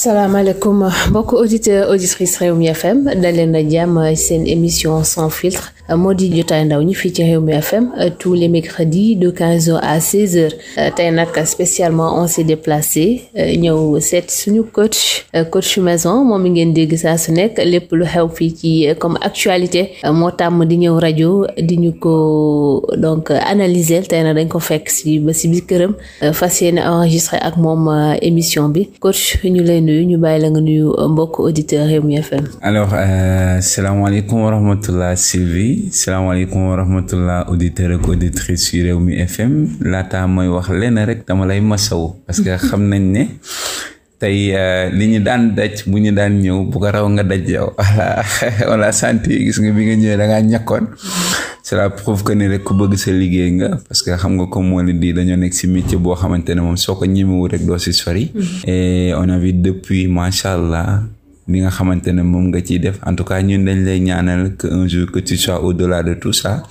salaamaaleykum mbokk auditeur auditrice Rewmi FM daleen na jàmm seen émission sans filtre moo di jotaay ndaw ñi fii ci Rewmi FM euh, tous les mercredis de 15h à 16h euh, tey nag spécialement on s'est déplacé euh, ñëw seet suñu coach coach maison moom mi ngeen dégg saa su nekk lépp lu xew fii ci comme actualité moo tàmm di ñëw rajo di ñu ko donc analyser tey nag dañ ko fekk si ba si biir këram fas yéene enregistré ak moom émission bi coach ñu lay nuyu ñu bàyyi la nga nuyu mbokk auditeur mi FM alors bi salaamaaleykum wa rahmatullah auditeur ak auditrice yu réew mi FM laata mooy wax lenn rek dama lay masawu parce que xam nañ ne tey euh, li ñu daan daj bu ñu daan ñëw bu ko raw nga daj yow voilà voilà santé gis nga bi nga ñëwee da ngaa ñàkkoon cela prouve que ni rek ku bëgg sa liggéey nga parce que xam nga comme moo leen di dañoo nekk si métier boo xamante ne moom soo ko ñemewu rek doo si sori. Mm-hmm. et on a vu depuis macha allah. li nga xamante ne moom nga ciy def en tout cas ñun dañ lay ñaanal que un jour que tu sois au delà de tout ça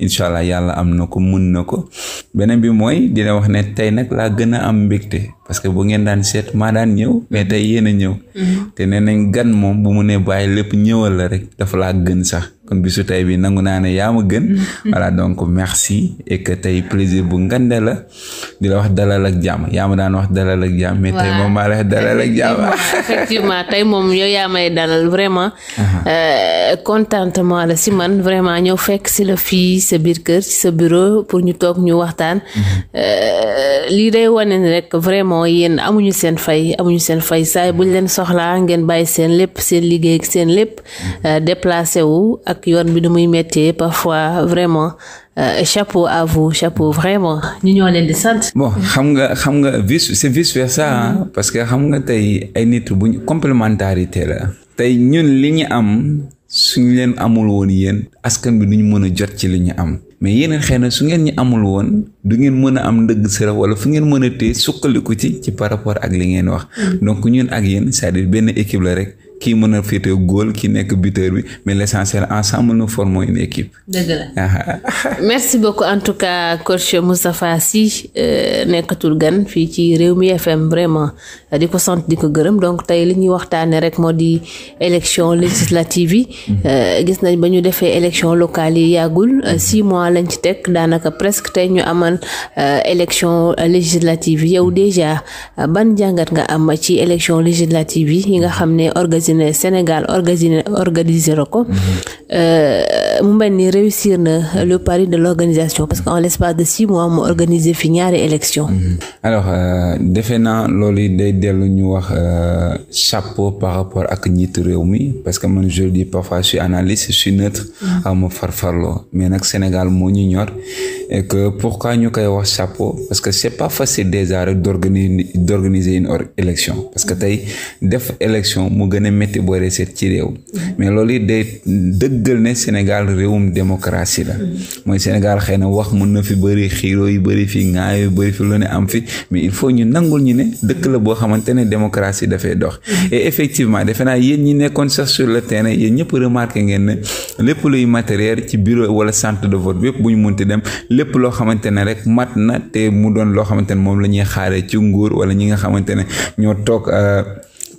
incha allah yàlla am na ko mun na ko beneen bi mooy dina wax ne tey nag laa gën a am mbégte parce que bu ngeen daan seet maa daan ñëw mais tey yéen a ñëw. Mm-hmm. te nee nañ gan moom bu mu nee bàyyi lépp ñëwal la rek dafa laa gën sax kon bisu tey bii nangu naa ne yaa ma gën. Mm-hmm. voilà donc merci et que tey plaisir bu ngande la di la wax dalal ak jàmm yaa ma daan wax dalal ak jàmm. mais tey moom maa la wax dalal tey moom yow yaa may dalal vraiment. Uh-huh. Euh, contentement la si man vraiment ñëw fekk si la fii sa biir kër ci sa bureau pour ñu toog ñu waxtaan. Mm-hmm. Euh, lii day wane rek mooy yéen amuñu seen fay amuñu seen fay saay buñ leen soxlaa ngeen bàyyi seen lépp seen liggéey seen lépp mm-hmm. euh, déplacé wu ak yoon bi du muy méttee parfois vraiment euh, chapeau à vous chapeau vraiment ñu ñoo leen di sant. bon xam nga xam nga vice c'est vice versa mm-hmm. parce que xam nga tey ay nit buñ complémentarité la. tey ñun li ñu am suñ leen amul woon yéen askan bi duñu mën a jot ci li ñu am. mais yeneen xëy na su ngeen ñi amul woon du ngeen mën a am ndëgg sërëx wala fu ngeen mën a téye suqaliku ci ci par rapport ak li ngeen wax mm. donc ñun ak yéen cest à benn équipe la rek kii mën a féete góol kii nekk buteur bi mais l' ensemble nous formons une équipe. dëgg la ah, ah, ah. merci beaucoup en tout cas coach Moustapha Sy euh, nekkatul gan fii ci réew mi FM vraiment di ko sant di ko gërëm donc tey li ñuy waxtaanee rek moo di élection législative yi. Mhm. Euh, gis nañ ba ñu defee élection locale yi yàggul euh, mhm. si mois lañ ci teg daanaka presque tey ñu amal élection législative yow déjà ban jàngat nga am ci élection législative yi nga xam organisé Sénégal organisé organisé na ko mhm. euh, mu mel ni réussir na le pari de l'organisation parce que en l'espace de six mois mu organisé fi ñaari élection mhm. alors euh, defe naa loolu day dellu ñu wax euh, chapeau par rapport ak njiitu réew mi parce que man je dis parfois je suis analyste je mhm. nag Sénégal moo ñu ñor et que ñu koy wax chapeau parce que c'est pas facile déjà rek d'organiser d'organiser une élection parce que tey def élection mu gën métti boo dee seet ci réew mm-hmm. mais loolu it day dëggal ne Sénégal réewum démocratie la mm-hmm. mooy Sénégal xëy na wax mun na fi bëri xiiro yu bëri fi ŋaay yu bëri fi lu ne am fi mais il faut ñu nangul ñu ne dëkk la boo xamante ne démocratie dafay dox mm-hmm. et effectivement defe naa yéen ñi nekkoon sax sur le terrain yéen ñëpp remarqué ngeen ne lépp luy matériel ci bureau wala centre de vote yëpp bu ñu munti dem lépp loo xamante ne rek mat na te mu doon loo xamante ne moom la ñuy xaaree ci nguur wala ñi nga xamante ñoo toog euh,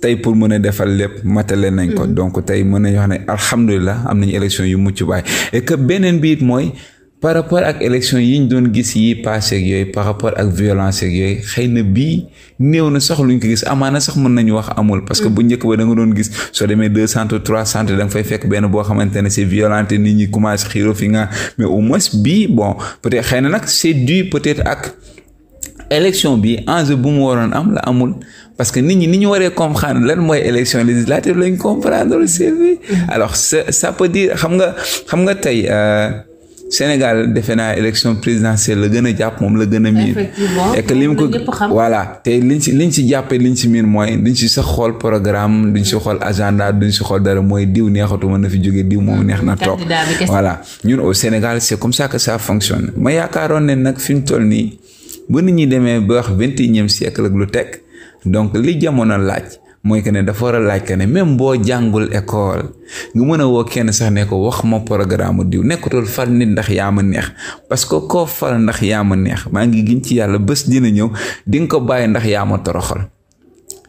tey pour mën a defal lépp matale nañ ko mm-hmm. donc tey mën nañu wax ne alhamdulilah am nañu élection yu mucc baay et beneen biit mooy par rapport ak élection yi ñu doon gis yi passé ak yooyu par rapport ak violence yooyu xëy na bii néew na sax luñ ko gis amaana sax mën nañu wax amul. parce que mm-hmm. bu njëkk ba da nga doon gis soo demee deux centres trois centres da nga fay fekk benn boo xamante ne c'est violente nit ñi commencé xiiroo fi nga mais au moins bii bon peut-être xëy na nag c'est dû peut-être ak bi enjeu bu mu waroon am amul. parce que nit ñi ni ñu waree comprendre lan mooy élection législative lañ comprendre Sylvie alors ça ça peut xam nga xam nga tey euh, Sénégal defe naa élection présidentielle la gën a jàpp moom la gën a miir et li mu ko voilà te liñ si liñ si jàppee liñ si miir mooy duñ si sax xool programme duñ si xool agenda duñ si xool dara mooy diw neexatuma na fi jógee diw moom neex na toog voilà ñun Sénégal c'est comme ça que ça fonctionne ma yaakaaroon ne nag fi mu toll nii ba nit ñi demee ba wax vingt et si siècle lu teg donc li jamono laaj mooy que ne dafa war a laaj que ne même boo jàngul école nga mën a woo kenn sax ne ko wax ma programme diw nekkatul far nit ndax yaa ma neex parce que koo fal ndax yaa ma neex maa ngi giñ ci yàlla bés dina ñëw di nga ko bàyyi ndax yaa ma toroxal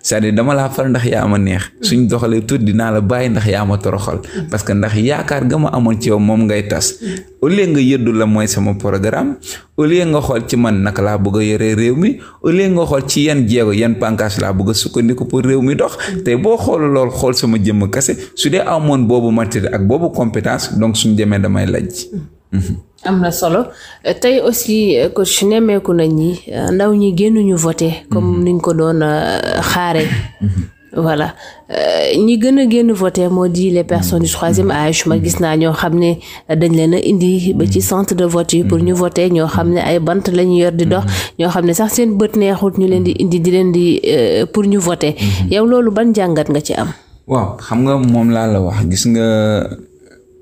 cest à dama laa fal ndax yaa ma neex mm. suñ doxalee tuuti dinaa la bàyyi ndax yaa ma toroxal mm. parce que ndax yaakaar ga ma amoon ci yow moom ngay tas mm. au nga yëddu la mooy sama programme au lieu nga xool ci man naka laa bëgg a yore réew mi au nga xool ci yan jéego yan pancas laa bëgg a sukkandiku pour réew mi dox tey boo xool lool xool sama jëmm kase su dee amoon boobu matière ak boobu compétence donc suñ demee damay lajj am na solo tey aussi euh, coach nemmeeku nañ ñi euh, ndaw ñi génnuñu voté comme mhm. niñ ko doon a euh, xaare mhm. voilà ñi gën a génn voté moo di personne personnes du troisième mhm. âge ma gis naa ñoo xam ne dañ leen a indi ba ci centre de vote yi pour ñu voté ñoo xam ne ay bant la ñu yor di dox ñoo xam ne sax seen bët neexut ñu leen di indi di leen di pour ñu voté yow loolu ban jàngat nga ci am waaw xam nga moom laa la wax gis nga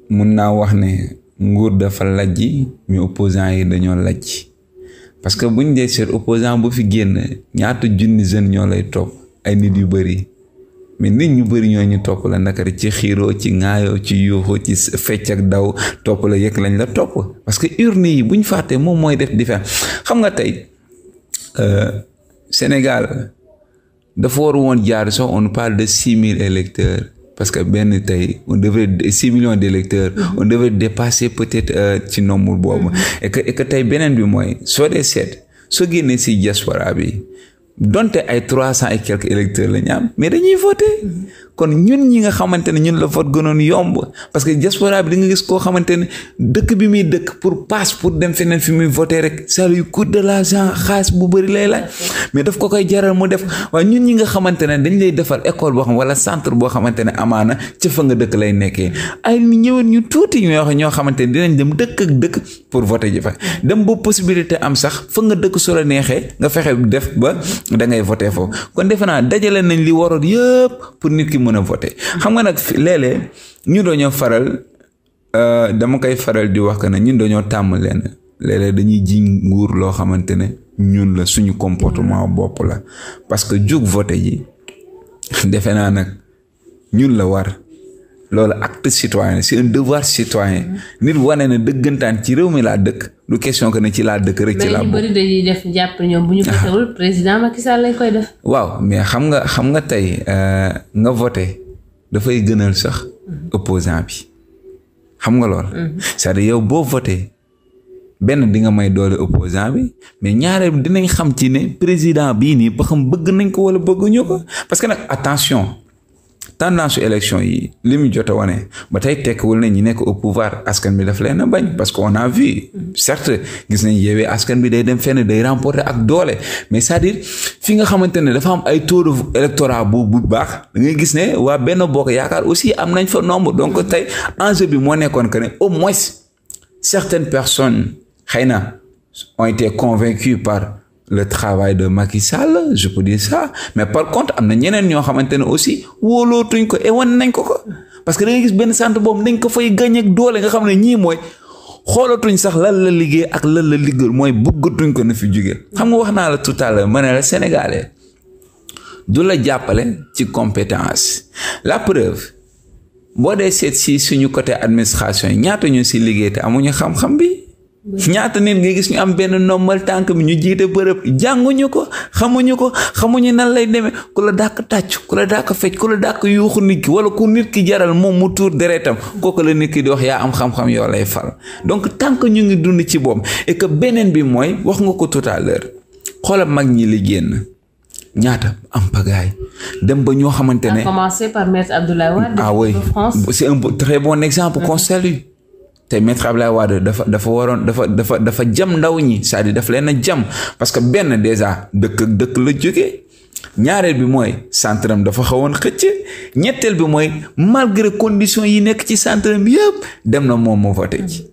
mun naa wax ne nguur dafa lajji mais opposant yi dañoo lajj parce que buñ dee seet opposant bu fi génn ñaata junni jeune ñoo lay topp ay nit yu bëri mais nit ñu bëri ñoo ñu topp la naka ci xiiroo ci ŋaayoo ci yuuxu ci fecc daw topp la yëg lañ la topp parce que urne yi buñ fàttee moom mooy def di différence xam nga tey euh, Sénégal dafa war woon jaar sax on parle de six mille électeurs parce que benn tey on devrait six millions d'électeurs mm-hmm. on devrait dépasser peut-être euh, ci nombre boobu mm-hmm. et que et que tey beneen bi mooy soo dee seet soo génnee si diaspora bi donte ay trois cent et quelques électeurs la ñu am mais dañuy voter mm-hmm. kon ñun ñi nga xamante ne ñun la vote gënoon yomb parce que diaspora bi di nga gis koo xamante ne dëkk bi muy dëkk pour passe pour dem feneen fi muy voter rek ça lui coûte de l'argent xaalis bu bëri lay laaj mais daf ko koy jaral mu def waaye ñun ñi nga xamante ne dañ lay defal école boo xam wala centre boo xamante ne amaana ca fa nga dëkk lay nekkee ay ñëwen ñu tuuti ñoo ñoo xamante ne dinañ dem dëkk ak dëkk pour voter ji fa dem ba possibilité am sax fa nga dëkk su la neexee nga fexe def ba da ngay voter foofu kon defe naa dajale nañ li waroon yëpp pour nit ki mën a voté xam nga nag léeg ñu doo dañoo faral euh, dama koy faral di wax que ne ñun dañoo tàmm leen léeg dañuy jiñ nguur loo xamante ne ñun la suñu comportement bopp la parce que jug voté ji defe naa nag ñun la war loolu acte citoyen c'est un devoir citoyen nit wanee na dëggantaan ci réew mi laa dëkk du question que ne ci laa dëkk rek. ci laa bokk mais ñu bëri dañuy def jàpp ñoom bu ñu ah. lañ koy def. waaw mais xam nga xam nga tey euh, nga voté dafay gënal sax. opposant bi xam nga lool. Mhm. c'est-à-dire yow boo voté benn di nga may doole opposant bi mais ñaareel dinañ xam ci ne président bii nii ba xam bëgg nañ ko wala bëgguñu ko parce que nag attention. tendance su élection yi li mu jot a wane ba tey tekkiwul nañ ñi nekk au pouvoir askan bi daf leen a bañ parce que on a vu certes gis nañ yeewee askan bi day dem fenn day remporter ak doole mais c'est-à-dire fi nga xamante ne dafa am ay taux de électorat bu bu baax da ngay gis ne waa benn bokk yaakaar aussi am nañ fa nombre donc tey enjeu bi moo nekkoon que ne au moins certaines personnes xëy na ont été convaincues par le travail de Macky Sall je peux dire ça mais par contre am na ñeneen ñoo xamante ne aussi wóolootuñ ko ewan nañ ko ko parce que da gis benn centre boobu dañ ko fay gagné ak doole nga xam ne ñii mooy xoolatuñ sax lan la liggéey ak lan la liggéey mooy bëggatuñ ko na fi jógee xam nga wax naa la tout à l'heure ma ne la sénégalais du la jàppale ci compétence la preuve boo dee seet si suñu côté administration ñaata ñu si liggéey te amuñu xam-xam bi ñaata nit nga gis ñu am benn ndombal tànk bi ñu jiite bërëb jànguñu ko xamuñu ko xamuñu nan lay demee ku la dàkk tàcc ku la dàkk fecc ku la dàkk yuuxu nit ki wala ku nit ki jaral moom mu tuur deretam kooku la nit ki di wax yaa am xam-xam yoo lay fal donc tànk ñu ngi dund ci boom et beneen bi mooy wax nga ko tout à l'heure xoolal mag ñi li génn ñaata am pagaay dem ba ñoo xamante ne. a commencé par maître Abdoulaye Wade. ah oui c'est un très bon exemple qu'on salue. te maître Ablaye Wade dafa dafa waroon dafa dafa dafa jam ndaw ñi c'est-à-dire daf leen a jam parce que benn déjà dëkk dëkk la jóge ñaareel bi mooy centre am dafa xawoon xëcc ñetteel bi mooy malgré conditions yi nekk ci centre am yëpp dem na moom moo voté ji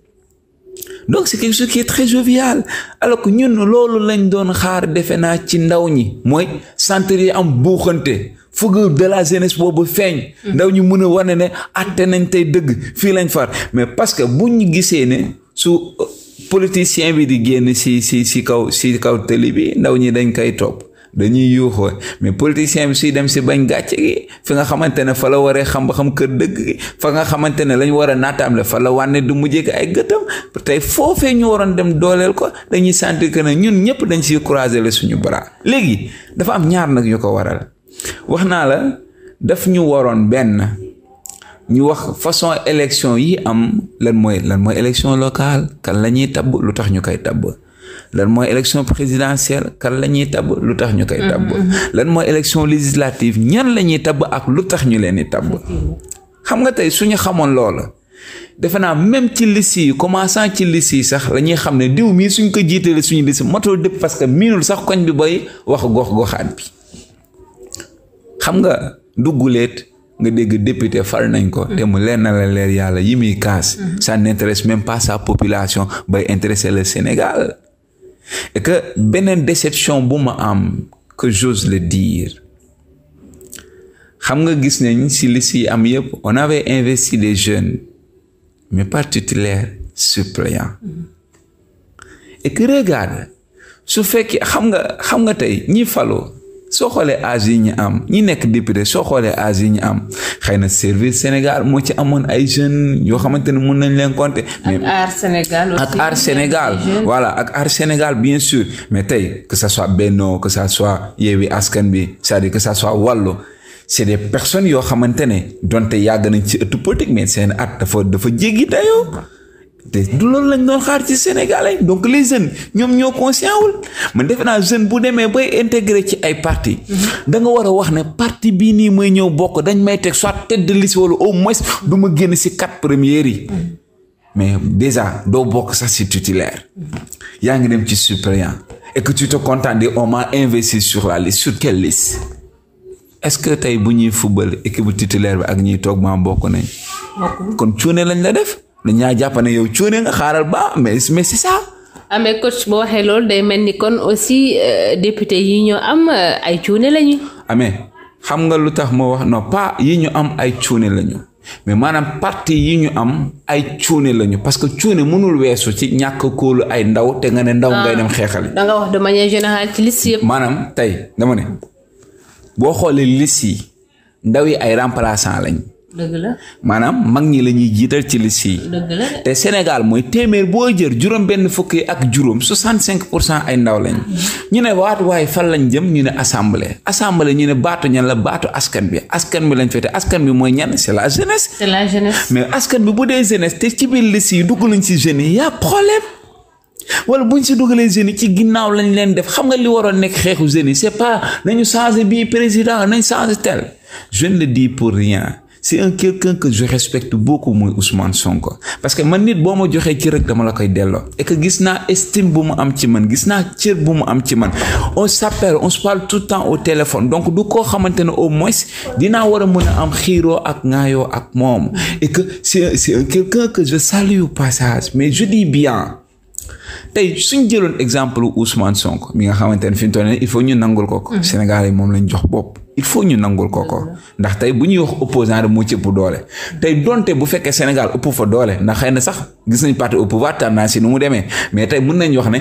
donc c'est quelque chose qui est jovial alors que ñun loolu lañ doon xaar defe naa ci ndaw ñi mooy centre yi am buuxante fougue de la jeunesse boobu feeñ. ndaw ñu mun a wane ne atte nañ tey dëgg fii lañ far mais parce que bu ñu gisee ne su euh, politicien bi di génn si si si kaw si kaw télé bi ndaw ñi dañ koy topp. dañuy yuuxoo mais politicien bi suy dem si bañ gàcce gi fi nga xamante ne fa la waree xam-xam kër dëgg fa nga xamante ne lañ war a naataamle fa la wànne du mu mujjee ay gëtam tey foofee ñu waroon dem dooleel ko dañuy sentir que ne ñun ñëpp dañ si croiser le suñu bras léegi dafa ñaar nag ñu ko waral wax naa la def ñu waroon benn ñu wax façon élection yi am lan mooy lan mooy élection locale kan la ñuy tabb lu tax ñu koy tabb lan mooy élection présidentielle kan la ñuy tabb lu tax ñu koy tabb mm-hmm. lan mooy élection législative ñan la ñuy tabb ak lu tax ñu leen di tabb xam nga tey suñu xamoon loola defe naa même ci liste yi commençant ci liste yi sax la ñuy xam ne diw mii suñ ko jiitale suñu liste matul dëpp parce que miinul sax koñ bi bay wax gox goxaat bi xam nga dugguleet nga dégg député fal nañ ko. te mu leer na la leer yàlla yi muy kaas. ça n'intéresse même pas sa population bay intéresser le Sénégal. et que beneen déception bu ma am que j'ose le dire xam nga gis nañ si li si am yëpp on avait investi des jeunes mais pas titulaires suppléants et que su fekkee xam nga xam nga tey ñi falo soo xoolee âge yi ñu am ñi nekk député soo xoolee âge yi ñu am xëy na service Sénégal moo ci amoon ay jeunes yoo xamante ne mun nañ leen compter. ak aar Sénégal aussi ak aar Sénégal voilà ak aar Sénégal bien sûr mais tey que ça soit Benno que ça soit Yewwi Askan bi c'est-à-dire que ça soit Wallu c'est des personnes yoo xamante ne donte yàgg nañ ci ëttu politique mais seen at dafa dafa jéggi te du loolu lañ doon xaar ci sénégalais donc les jeunes ñoom ñoo conscient wul man defe naa jeune bu demee bay intégré ci ay parti danga war a wax ne parti bii nii mooy ñëw bokk dañ may teg soit tête de liste wala au moins du ma génn si quatre premières yi mais déjà doo bokk sax si titulaire yaa ngi dem ci suppléant et que tu te au de investi sur la liste sur quelle liste est-ce que tey bu ñuy football équipe titulaire bi ak ñuy toog maa bokk nañ kon cuune lañ la def nit ñaa jàpp ne yow cuune nga xaaral ba mais mais c'est ça. ah mais coach boo waxee loolu day mel ni kon aussi euh, député yii ñoo am euh, ay cuune lañu. amee ah, xam nga lu tax moo wax non pas yi ñu am ay cuune lañu mais maanaam parti yii ñu am ay cuune lañu parce que cuune mënul weesu ci ñàkk kóolu ay ndaw te nga ne ndaw ngay ah, dem xeexali. da nga wax de ci liste yëpp. maanaam tey dama ne boo xoolee liste yi ndaw yi ay remplaçant lañ dëgg maanaam mag ñi la ñuy jiital ci liste te Sénégal mooy téeméer boo jër juróom benn fukki ak juróom cinq pour cent ay ndaw lañ. Mm-hmm. ñu ne waat waaye fan lañ jëm ñu ne assemblée assemblée ñu ne baatu ñan la baatu askan bi askan bi lañ fete askan bi mooy ñan c'est la jeunesse. mais askan bi bu dee jeunesse te ci biir liste yi dugg lañ si jeunes yi y a problème. wala bu ñu si dugalee jeunes yi ci ginnaaw lañ leen def xam nga li waroon nekk xeexu jeunes yi c'est pas nañu changer bii président nañ changer tel je ne le dis pour rien. si un quelqu'un que je respecte beaucoup muy Ousmane Sonko parce que man nit boo ma joxee cër rek dama la koy delloo et que gis naa estime bu mu am ci man gis naa cër bu mu am ci man on s'appelle on se parle tout le temps au téléphone donc du koo xamante ne au moins dinaa war a mën am xiiroo ak ŋaayoo ak moom et que c'est c'est un quelqu'un que je salue au passage mais je dis bien tey suñ jëloon exemple Ousmane Sonko mi nga xamante ne fi mu toll nii il faut ñu nangul ko ko mm-hmm. Sénégal yi moom lañ jox bopp il faut ñu nangul ko ko ndax tey bu ñuy wax opposant rek moo ci doole tey donte bu fekkee Sénégal ëpp fa doole ndax xëy na sax gis nañ parti au pouvoir tendance si nu mu demee mais tey mun nañ wax ne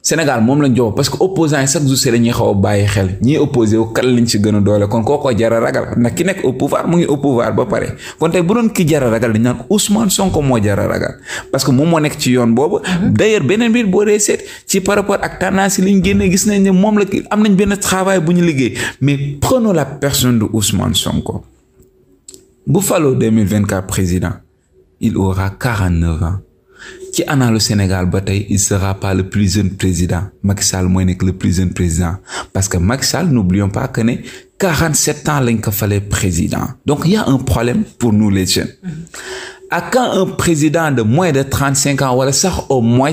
Sénégal moom lañ jox parce que opposants yi chaque jour si dañuy xaw a bàyyi xel ñii opposé wu kan lañ si gën a doole kon kookoo jara ragal ndax ki nekk au pouvoir mu ngi au pouvoir ba pare kon tey bu doon ki jara ragal dañ naan Sonko moo jara ragal parce que moom moo nekk ci yoon boobu mhm. d'ailleurs beneen biir boo dee ci par rapport ak tendance yi li gis nañ ne moom la am nañ benn travail bu ñu liggéey mais prenons la personne de Ousmane Sonko bu faloo 2024 président il aura 49 ans ci anaalu Sénégal ba tey il sera pas le plus jeune président Macky mooy nekk le plus jeune président parce que Macky Sall n'oublions pas que ne 47 ans lañ ko falee président donc il y a un problème pour nous les jeunes de moins de 35 ans wala sax au moins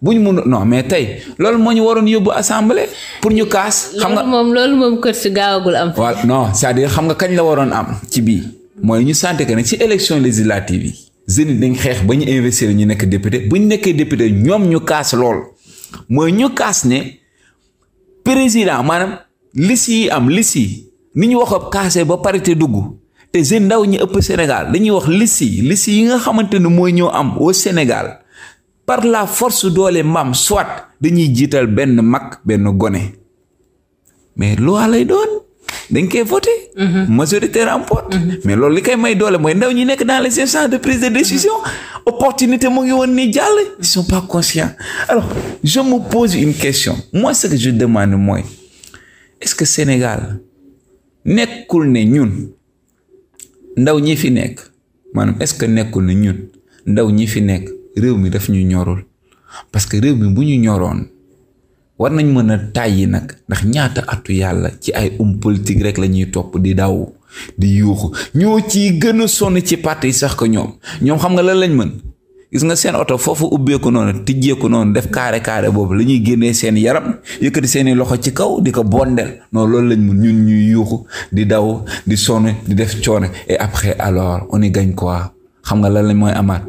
bu ñu mun non mais tey loolu moo ñu waroon yóbbu assemblée pour ñu kaas. xam nga loolu moom loolu moom kër si gaawagul am. waaw kañ la waroon am ci bii mooy ñu sentir que ne ci élection législative Zénith dañ xeex ba ñu investir ñu nekk député bu ñu nekkee député ñoom ñu kaas lool mooy ñu kaas ne président maanaam lis yi am lis yi ni ñu wax kaasee ba parité dugg te Zénith ndaw ñi ëpp Sénégal dañuy wax lissi lissi yi nga xamante ne mooy ñëw am au Sénégal par la force doole maam soit dañuy jiital benn mag benn gone mais loi lay doon. dañ koy voté. Mhm. majorité remporte. Mhm. mais loolu li koy may doole mooy ndaw ñi nekk dans les instances de prise de décision. opportunité mu ngi woon nii jàll. ils sont pas conscients alors je me pose une question moi ce que je demande mooy est-ce que Sénégal nekkul ne ñun ndaw ñi fi nekk maanaam est-ce que nekkul ne ñun ndaw ñi fi nekk réew mi def ñu ñorul parce que réew mi bu ñu ñoroon. war nañ mën a tàyyi nag ndax ñaata atu yàlla ci ay um politique rek la ñuy topp di daw di yuuxu ñoo ci gën a sonn ci parti yi sax ko ñoom ñoom xam nga lan lañ mën gis nga seen oto foofu ubbeeku noonu tijjeeku noonu def carré carré boobu la ñuy génnee seen yaram yëkkati seeni loxo ci kaw di ko bondel noo loolu lañ mën ñun ñuy yuuxu di daw di sonn di def coono et après alors on gañ gagne xam nga lan lañ mooy amaat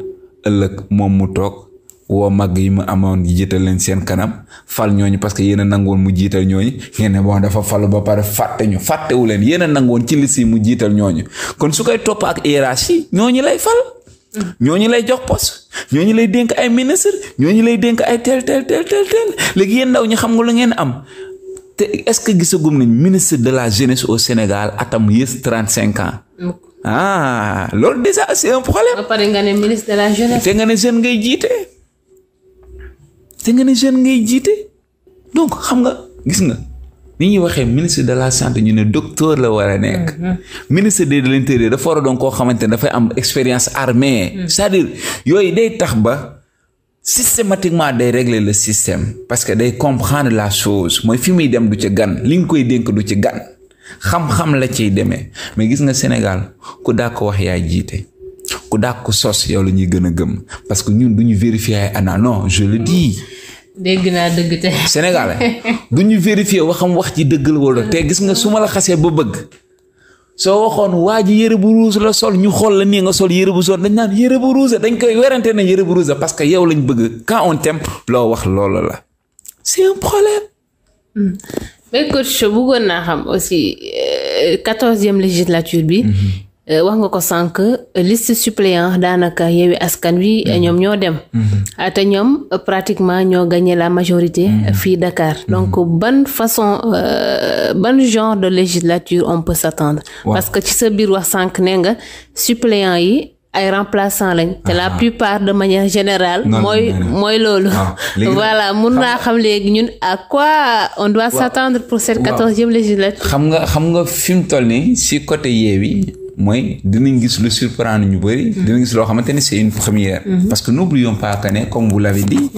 ëllëg moom mu toog woo mag yi mu amoon jiital leen seen kanam fal ñooñu parce que yéen a nangoon mu jiital ñooñu ngeen ne bon dafa falu ba pare fàtte ñu fàttewu leen yéen a nangoon ci liste yi mu jiital ñooñu kon su koy topp ak hiérarchie ñooñu lay fal ñooñu lay jox poste ñooñu lay dénk ay ministre ñooñu lay dénk ay tel tel tel tel tel léegi yéen ndaw ñi xam nga lu ngeen am te est-ce que gisagum nañ ministre de la jeunesse au Sénégal atam yées trente cinq ans. ah loolu déjà c'est a problème. ba te nga ne jeune ngay jiite donc xam nga gis nga ni ñuy waxee ministre de la santé ñu ne docteur la war a nekk. Mm-hmm. ministre de l'intérieur dafa war a doon koo xamante ne dafay am expérience armée. Mm-hmm. cest à yooyu day tax ba systématiquement day régler la système. parce que day comprendre la chose mooy fi muy dem du ci gan li nga koy dénk du ci gan xam-xam la ciy demee mais gis nga Sénégal ku daa ko wax yaa jiite. ku dàq ku sos yow la ñuy gën a gëm parce que ñun du ñu vérifier ay ana non je le dis. dégg naa dëgg te. Sénégal du ñu vérifier waxam wax ci dëgg la wala te gis nga suma la xasee ba bëgg soo waxoon waa ji yére bu ruus la sol ñu xool la nii nga sol yére bu sol dañ naan yére bu ruus dañ koy werante na yére bu ruus parce que yow lañ bëgg quand on t'aime loo wax loola la c'est un problème. Hmm. mais coach bëggoon naa xam aussi euh, quatorzième législature bi. Mhm. Euh, wax nga ko sànq liste suppléant daanaka yeewi askan wi mhm. ñoom ñoo dem mhm. ah, te ñoom euh, pratiquement ñoo gagné la majorité euh, mhm. fii Dakar donc ban façon ban genre de législature on peut s'attendre parce que ci sa biir wax sànq ne nga suppléant yi ay remplaçant lañ te la plupart de manière général mooy mooy loolu ah, voilà mun naa xam léegi ñun à quoi on doit s'attendre pour cette quatorzième législature xam nga xam nga fi mu toll nii si côté Yewwi mooy dinañ gis lu surprendre ñu bëri. Mhm. dinañ gis loo xamante ne c'est une première. Mhm. parce que no pas que ne comme vous l'avez mhm.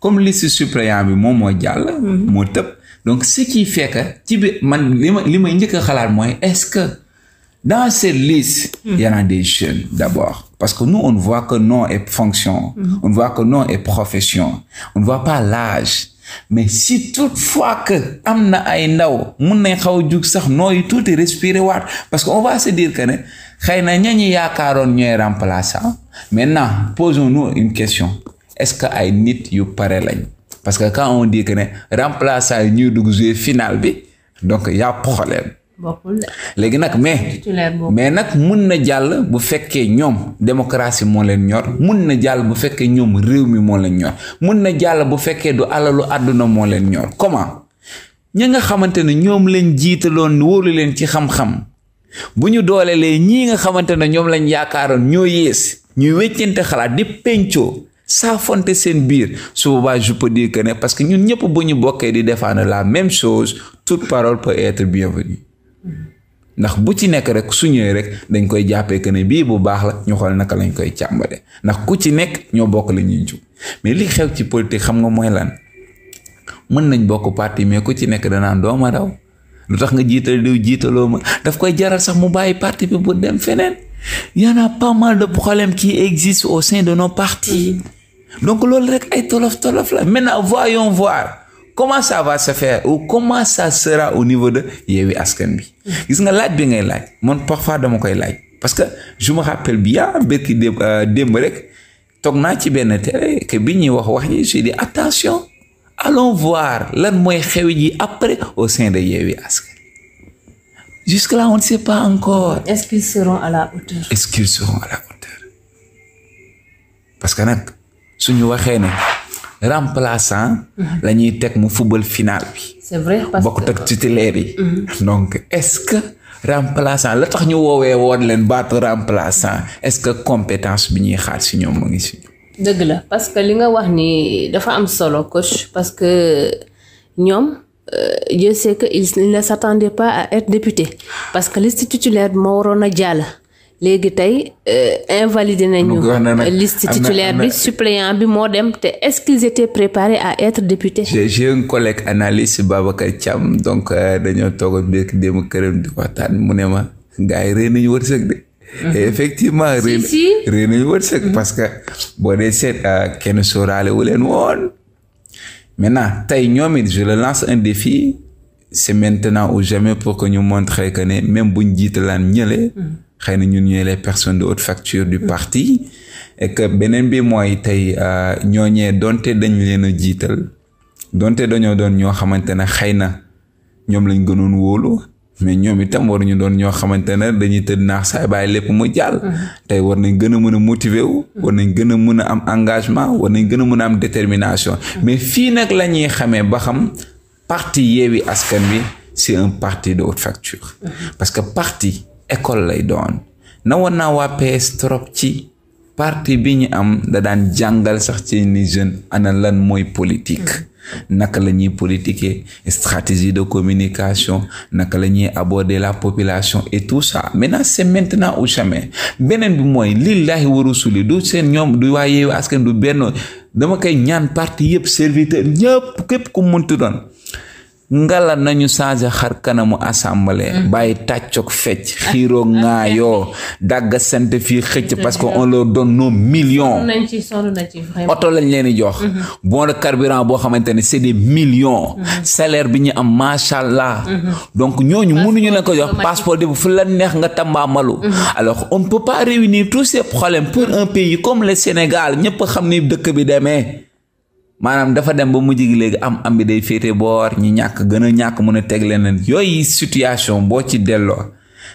comme liste suppléant bi moom moo jàll. moo tëb donc ce qui fait ci man li ma li may njëkk xalaat mooy est-ce que dans cette liste. il y en a des d'abord. Parce que no on ne voit que nom et fonction. On ne voit que nom et profession. On ne voit pas l'âge. mais si toutefois que am na ay ndaw mun nañ xaw a jug sax nooyu tuuti respirer waat parce que on va se dire que ne xëy na ñañu yaakaaroon ñooy remplacer maintenant poson nous une question est-ce que ay nit yu pare lañ parce que quand on dit que ne remplaçant ñuy dugg jouer final bi donc y a léegi nag mais mais nag mun na jàll bu fekkee ñoom démocratie moo leen ñor mun na jàll bu fekkee ñoom réew mi moo leen ñor mun na jàll bu fekkee du alalu àdduna moo leen ñor comment ña nga xamante ne ñoom leen jiitaloon wóolu leen ci xam-xam bu ñu doolelee ñii nga xamante ne ñoom lañ yaakaaroon ñoo yées ñuy weccante xalaat di pencoo saa seen biir su boobaa je peux dire que ne parce que ñun ñëpp bu ñu bokkee di défendre la même sos tout parole peut être bienvenue ndax bu ci nekk rek su ñëwee rek dañ koy jàppee que ne bii bu baax la ñu xool naka lañ koy càmbare ndax ku ci nekk ñoo bokk la ñuy mais lii xew ci politique xam nga mooy lan mën nañ bokk parti mais ku ci nekk danaan dooma raw lu tax nga jiital diw jiitaloo ma daf koy jaral sax mu bàyyi parti bi bu dem feneen y en a pas mal de problèmes qui existent au sein de nos partis donc loolu rek ay tolof tolof la maintenant voyons voir comment ça va se faire ou comment ça sera au niveau de Yewwi Askan Wi gis nga laaj bi ngay laaj man parfois koy laaj parce que je me rappelle bien bërki euh, toog naa ci benn bi ñuy wax wax yi je dis lan mooy xew ji après au sein de Yewwi Askan jusque la hauteur. est-ce qu'ils seront que nag waxee ne. remplaçant mhm. la ñuy teg mu football final bi. c'est vrai parce que bokkut ak titulaire yi. Mhm. donc est-ce que remplaçant la tax ñu woowee woon leen baatu remplaçant est-ce que compétence bi ñuy xaar si ñoom mu ngi si. dëgg la parce que li nga wax ni dafa am solo coach parce que ñoom je euh, sais que ils ne s'attendaient pas à et député parce que liste titulaire moo waroon a jàll. léegi tey euh, invalidé nañu euh, liste titulaire bi suppléant bi moo dem te est-ce qu'ils étaient préparés à être députés j'ai un collègue analyste Babacar Thiam donc euh, dañoo toog biir démb këram di waxtaan mu ne ma gars yi rëy nañu wërsëg de mhm. effectivement ré nañu wërsëg mhm. parce que boo dee seet kenn sóoraale wu leen woon maintenant tey ñoom it le lance un défi se maintenant ou jamais pour que ñu montrer que ne même buñ jiitalaan ñële mhm. xëy na ñun ñooy les personnes de haute du parti et beneen bi mooy tey euh, ñooñee donte dañu leen a jiital donte dañoo doon ñoo xamante ne xëy na ñoom lañ gënoon wóolu mais ñoom itam war ñu doon ñoo xamante ne dañuy tëdd naax saay bàyyi lépp mu jàll. Mm-hmm. tey war nañ gën a mën a motiver wu. war nañ gën a mën a am engagement war nañ gën a mën a am détermination. Mm-hmm. mais fii nag la ñuy xamee ba xam parti Yewwi Askan Wi c'est un partie de haute facture. Mm-hmm. parce que parti école lay doon na woon naa waa PS trop ci parti bi ñu am da daan jàngal sax ci ni jeune ana lan mooy politique mm-hmm. naka la ñuy politiquer stratégie de communication naka la ñuy aborder la population et tout ça maintenant c'est maintenant ou jamais beneen bi mooy lillahi wa rasuli du seen ñoom du waa yeewu askan du benn dama koy ñaan parti yëpp serviteur ñëpp képp ku muntu doon ngala nañu changé xar kanamu assemblée. Mm. bàyyi tàccoog fecc xiiroo ŋaayoo dàgg sant fii xëcc parce que on leur donne nos millions. oto lañ leen di jox. Mm-hmm. bon de carburant boo xamante ne c' est des millions. Mm-hmm. salaire bi ñu am macha allah. Mm-hmm. donc ñooñu mënuñu leen ko jox passeport de fu la neex nga tambaamalu. alors on ne peut pas réunir tous ces problèmes pour un pays comme le Sénégal ñëpp xam ni dëkk bi demee. maanaam dafa dem ba mu jig léegi am am bi day féete boor ñi ñàkk gën a ñàkk mën a teg leneen yooyu situation boo ci delloo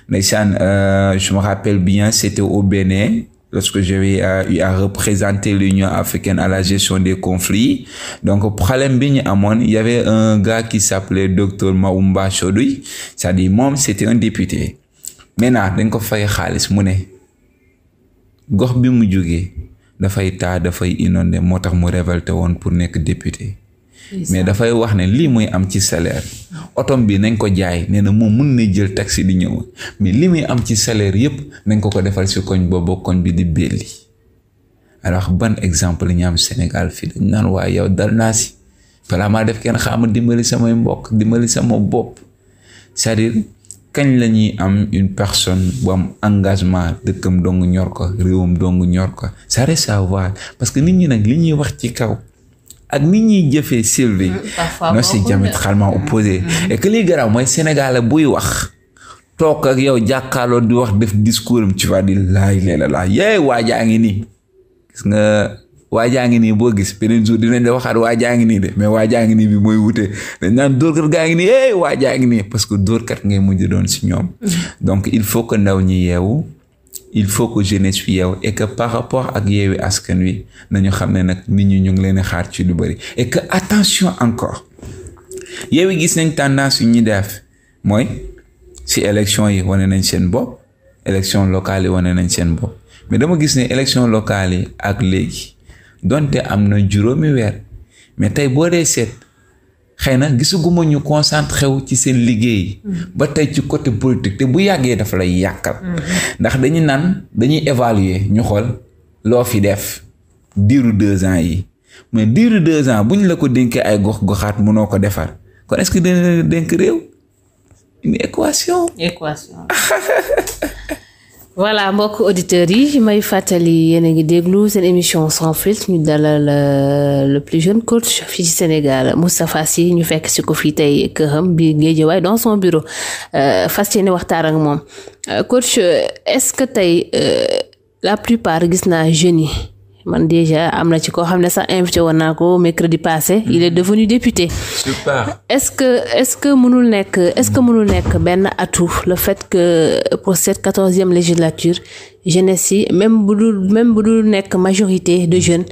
ndeysaan euh, je me rappelle bien c'était au Bénin lorsque j'avais euh, eu à représenter l'Union africaine à la gestion des conflits donc problème bi ñu amoon il y avait un gars docteur Maoumba Chodoui c'est-à-dire moom c'était un député maintenant dañ ko fay xaalis mu ne gox bi mu jógee dafay taa dafay inondé moo tax mu révolté woon pour nekk député mais dafay wax ne lii muy am ci salaire otom bi nañ ko jaay nee na moom mun na jël taxi di ñëw mais li muy am ci salaire yépp nañ ko ko defal si koñ boobu koñ bi di belli alors ban exemple ñu am Sénégal fii dañ naan waaye yow dal naa si balaa maa def kenn xaama dimbali samay mbokk dimbali sama bopp cest kañ la ñuy am une personne bu am engagement dëkkam dong ñor ko réewam dong ñor ko ça reste à parce que nit ñi nag li ñuy wax ci kaw ak nit ñuy jëfee Sylvie hmm, non c'est diamétralement hmm, opposé hmm, et que liy garaaw mooy sénégalais buy wax toog ak yow jàkkaarloo di wax def discours am ci waa di laay leela laa yee waajaa ngi nii gis nga waa jaa ngi nii boo gis beneen jour dinañ la waxaat waa jaa ngi nii de mais waa jaa ngi nii bi mooy wute dañ naan dóorkat gaa ngi nii eh waa jaa ngi nii parce que dóorkat ngay mujj doon si ñoom. Mm-hmm. donc il faut que ndaw ñi yeewu il faut que jeunesse fi yeewu et que par rapport ak yeewi askan wi nañu xam ne nag nit ñi ñu ngi leen xaar ci lu bëri et attention encore yeewi gis nañ tendance yu ñu def mooy si élection yi wane nañ seen bopp élection locale yi wane nañ seen bopp mais dama gis ne élection locale yi ak léegi. donte am na juróomi weer mais tey boo dee seet xëy na gisuguma ñu concentré wu ci seen liggéey. ba tey ci côté politique te bu yàggee dafa lay yàqal. ndax dañu naan dañuy évaluer ñu xool loo fi def diiru deux ans yi mais diiru deux ans bu ñu la ko dénkee ay gox goxaat mënoo ko defar kon est-ce que dina dénk réew une équation. voilà mbokk auditeurs yi may fàttali yéen a ngi déglu seen émission sans filtre ñu dalal euh, le plus jeune coach fii ci Sénégal Moustapha Sy ñu fekk si ko fii tey këram bi Guédiawaye dans son bureau euh, fas yéene waxtaan ak moom euh, coach est-ce que tey la plupart gis naa jeunes yi man déjà am na ci koo xam ne sax invité woon naa ko mais mercredi passé il est devenu député. super est-ce que est-ce que mënul nekk est-ce que munul nekk benn atout le fait que pour cette quatorzième législature jeunesse yi même bu dul même bu dul nekk majorité de jeunes.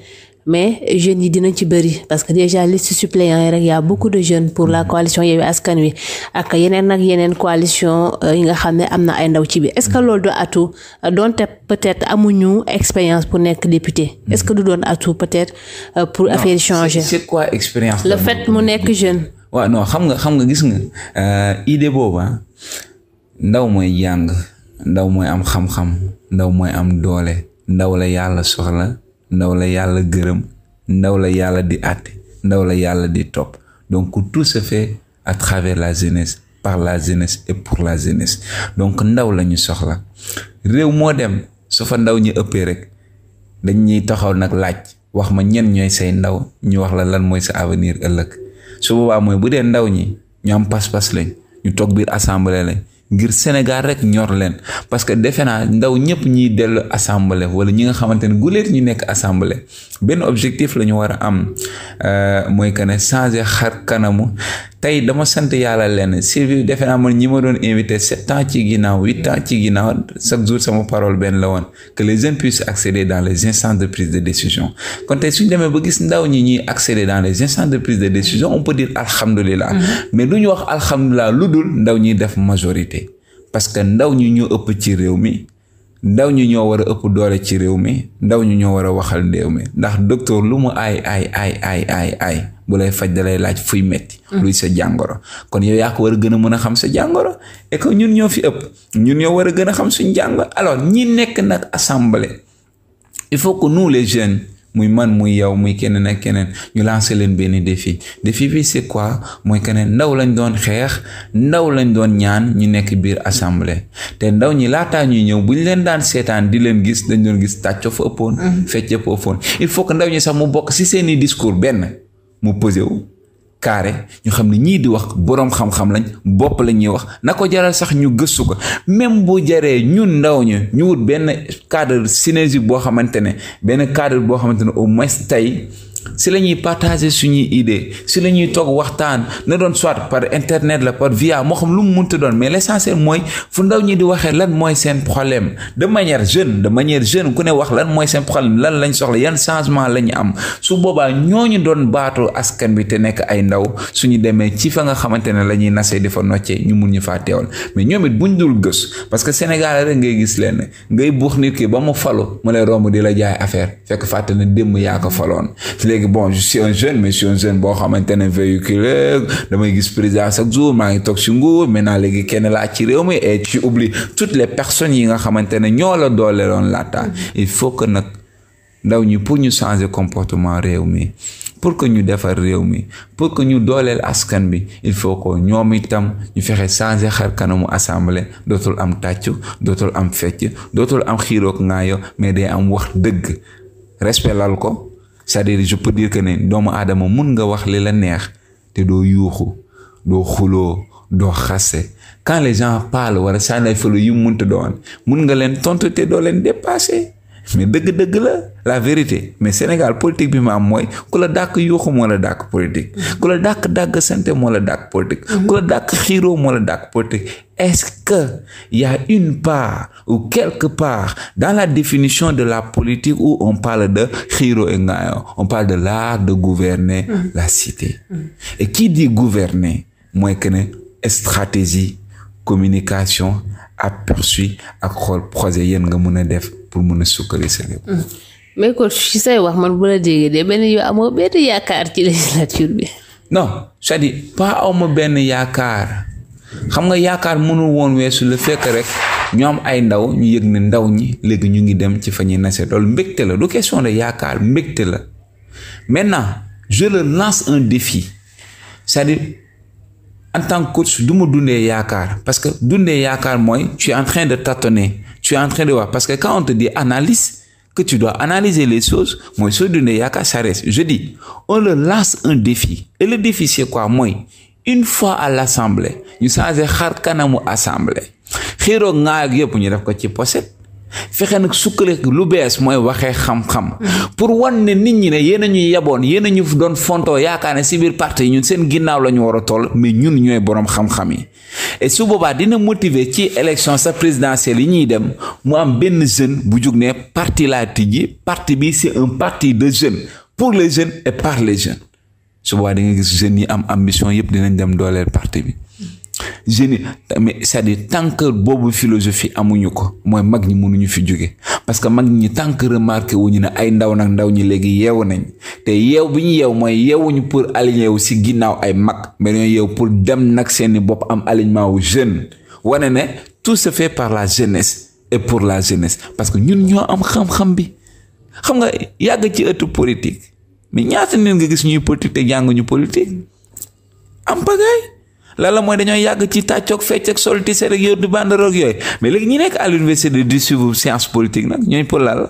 mais jeunes yi dinañ ci bëri parce que déjà liste suppléants yi rek y a beaucoup de jeunes pour la coalition Yewwi Askan Wi ak yeneen ak yeneen coalition euh, yi nga xam ne am na ay ndaw ci biir est-ce que loolu du atout donte peut-être amuñu expérience pour nekk député est-ce que du doon atout peut-être euh, pour affaire changer c'est quoi expérience le fait mu nekk jeune waaw non xam nga xam nga gis nga euh, idée booba ndaw mooy jàng ndaw mooy am xam-xam ndaw mooy am doole ndaw la yàlla soxla ndaw la yàlla gërëm ndaw la yàlla di àtte ndaw la yàlla di topp donc tout fait à travers la jeunesse par la jeunesse et pour la jeunesse donc ndaw la ñu soxla réew moo dem su fa ndaw ñi ëppee rek dañ ñuy taxaw nag laaj wax ma ñen ñooy say ndaw ñu wax la lan mooy sa avenir ëllëg su boobaa mooy bu dee ndaw ñi ñoom am pas-pas lañ ñu toog biir assemblée lañ ngir Sénégal rek ñor leen parce que defe naa ndaw ñëpp ñiy dellu assemblée wala ñi nga xamante ne guleet ñu nekk assemblée benn objectif la ñu war a am euh, mooy que ne changer xar kanamu tey dama sant yàlla leen Sylvie defe naa man ñi ma doon invité sept ans ci ginnaaw huit ans ci ginnaaw chaque jour sama parole benn la woon que les jeunes puissent accéder dans les instances de prise de décision kon tey suñ demee ba gis ndaw ñi ñi accéder dans les instances de prise de décision on peut dire alhamdulilah mm-hmm. mais du wax alhamdulilah lu dul ndaw ñi def majorité parce que ndaw ñi ñoo ëpp ci réew mi ndaw ñi ñoo war a ëpp doole ci réew mi ndaw ñi ñoo war a waxal réew mi ndax docteur lu mu ay ay ay ay ay ay bu lay faj dalay laaj fuy metti mm. luy sa jàngoro kon yow yaa ko war a gën a mën a xam sa jàngoro et que ñun ñoo fi ëpp ñun ñoo war a gën a xam suñ jàngoro alors ñii nekk nag assemblée il faut que nous les jeunes muy man muy yow muy keneen ak keneen ñu lancé leen benn défi défi bi c'est quoi mooy keneen ndaw lañ doon xeex ndaw lañ doon ñaan ñu nekk biir assemblée te ndaw ñi laataa ñuy ñëw bu ñu leen daan seetaan di leen gis dañu doon gis tàcco fa ëppoon mm-hmm. fecc fa ëppoon il faut que ndaw ñi sax mu bokk ci seeni discours benn mu posé wu carré ñu xam ne ñii di wax boroom xam-xam lañ bopp la ñuy wax na ko jaral sax ñu gëstu ko même bu jaree ñun ndaw ñu ñu wut benn cadre synergie boo xamante ne benn cadre boo xamante ne au moins tey si la ñuy partager suñuy idée si la ñuy toog waxtaan na doon soit par internet la par via moo xam lu mu munti doon mais l'essentiel mooy fu ndaw ñi di waxee lan mooy seen problème de manière jeune de manière jeune ku ne wax lan mooy seen problème lan lañ soxla yan changement la ñu am su boobaa ñooñu doon baatu askan bi te nekk ay ndaw suñu demee ci fa nga xamante ne la ñuy nasee di fa noccee ñu mun ñu faa teewal mais ñoom it buñ dul gës parce que Sénégal rek ngay gis leen ngay buux nit kii ba mu falu mu lay romb di la jaay affaire fekk fàtte ne démb yaa ko faloon léegi bon je suis un jeune mais je suis un jeune boo xamante ne véhiculé damay gis président chaque jour maa ngi toog si nguur maintenant léegi kenn laa ci réew mi et tu oublies toutes les personnes yi nga xamante ne ñoo la doole loon laata il faut que nag ndaw ñi pour ñu changer comportement réew mi pour que ñu defar réew mi pour que ñu dooleel askan bi il faut que ñoom itam ñu fexe changer xar kanamu assemblée dootul am tàccu dootul am fecc dootul am xiiroog ngaayo mais day am wax dëgg respect ko c'est-à-dire je peux que ne doomu aadama mun nga wax li la neex te doo yuuxu doo xuloo doo xase quand les gens parlent wala sànnay fële yu munta doon mun nga leen tontu te doo leen dépassé mais dëgg-dëgg la la vérité mais Sénégal politique bi ma am mooy ku la dàkk yuuxu moo la dàkk politique ku la dàkk dàgg sante moo la dàkk politique ku la dàkk xiiroo moo la dàkk politique est-ce que y a une part quelque part dans la définition de la politique où on de xiiroo et de l'art de gouverner mm-hmm. la cité mm-hmm. et qui dit mooy que ne stratégie communication aperçu ak xool projet yéen nga mën a def pour mun a sukkali Sénégal. Mm. mais kon si say wax man bu la déggee de benn yow amoo benn yaakaar ci législature bi. non cest à pas awma benn yaakaar xam nga yaakaar mënul woon weesu la fekk rek ñoom ay ndaw ñu yëg ne ndaw ñi léegi ñu ngi dem ci fa ñuy nase loolu mbégte la du question de yaakaar mbégte la maintenant je le lance un défi cest à en tant que coach du ma dundee yaakaar parce que dundee yaakaar mooy tu en train de tâtonner tu es en de voir parce que quand on te dit analyse que tu dois analyser les choses mooy soo dundee yaakaar ça reste je dis on le lance un défi et le défi c'est quoi mooy une fois à l'assemblée ñu changé xar kanamu assemblée xiiroo ngaak yëpp ñu def ko ci pochette fexe nag sukkale lu bees mooy waxee xam-xam pour wan ne nit ñi ne yéen a ñuy yaboon yéen a ñu doon fontoo yaakaar ne si biir parti ñun seen ginnaaw la ñu war a toll mais ñun ñooy borom xam-xam yi et su boobaa dina motiver ci élection sa présidentielle yi ñuy dem mu am benn jeune bu jug ne parti laa tijji parti bi c'est un parti de jeunes pour les jeunes et par les jeunes su boobaa di nga gis jeunes yi am ambition yépp dinañ dem dooleel parti bi génie mais c'est-à-dire tant boobu philosophie amuñu ko mooy mag ñi mënuñu fi jóge parce que mag ñi tant que remarqué wuñu ne ay ndaw nag ndaw ñi léegi yeewu nañ te yeew bi ñu yeew mooy yeewuñu pour aligné wu si ginnaaw ay mag mais dañoo yeew pour dem nag seeni bopp am alignement wu jeune wane ne tout se fait par la jeunesse et pour la jeunesse parce que ñun ñoo am xam-xam bi xam nga yàgg ci ëttu politique mais ñaata nit nga gis ñuy politique te jànguñu politique am pagaay lan la mooy dañoo yàgg ci tàccoog fecc ak sol ti seet ak yow di banderoog yooyu mais léegi ñi nekk à l'université di suivre science politique nag ñooñu pour lan la